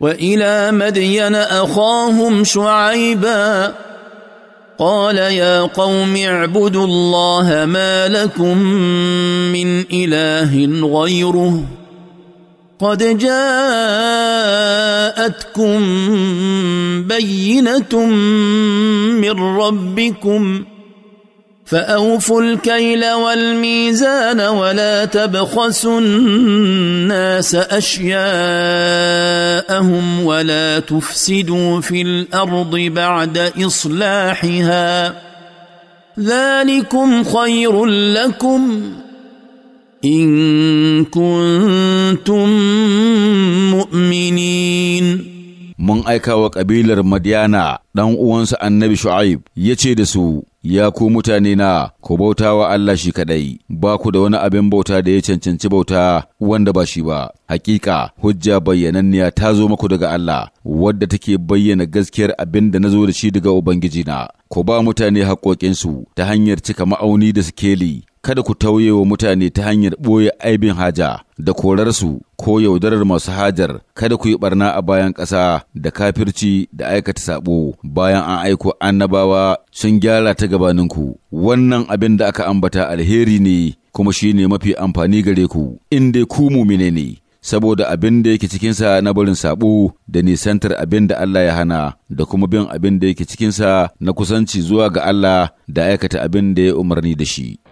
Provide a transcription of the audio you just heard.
والى مدين اخاهم شعيبا قال يا قوم اعبدوا الله ما لكم من اله غيره قد جاءتكم بينه من ربكم فأوفوا الكيل والميزان ولا تبخسوا الناس أشياءهم ولا تفسدوا في الأرض بعد إصلاحها ذلكم خير لكم إن كنتم مؤمنين mun aika wa ƙabilar Madiyana ɗan uwansa annabi Shu'aib ya ce da su, Ya ku mutane na, ku bauta wa Allah shi kaɗai, ba ku da wani abin bauta da ya cancanci bauta wanda ba shi ba. Hakika, hujja bayyananniya ta zo muku daga Allah, wadda take bayyana gaskiyar abin da na zo da shi daga Ubangijina. Ku ba mutane haƙoƙinsu ta hanyar cika ma'auni da sikeli kada ku tauye wa mutane ta hanyar ɓoye aibin haja da korarsu ko yaudarar masu hajar kada ku yi barna a bayan ƙasa da kafirci da aikata saɓo, bayan an aiko annabawa sun gyara ta gabaninku wannan abin da aka ambata alheri ne kuma shi ne mafi amfani gare ku in dai ku mumine ne saboda abin da yake cikinsa na barin sabo da nisantar abin da Allah ya hana da kuma bin abin da yake cikinsa na kusanci zuwa ga Allah da aikata abin da ya umarni da shi.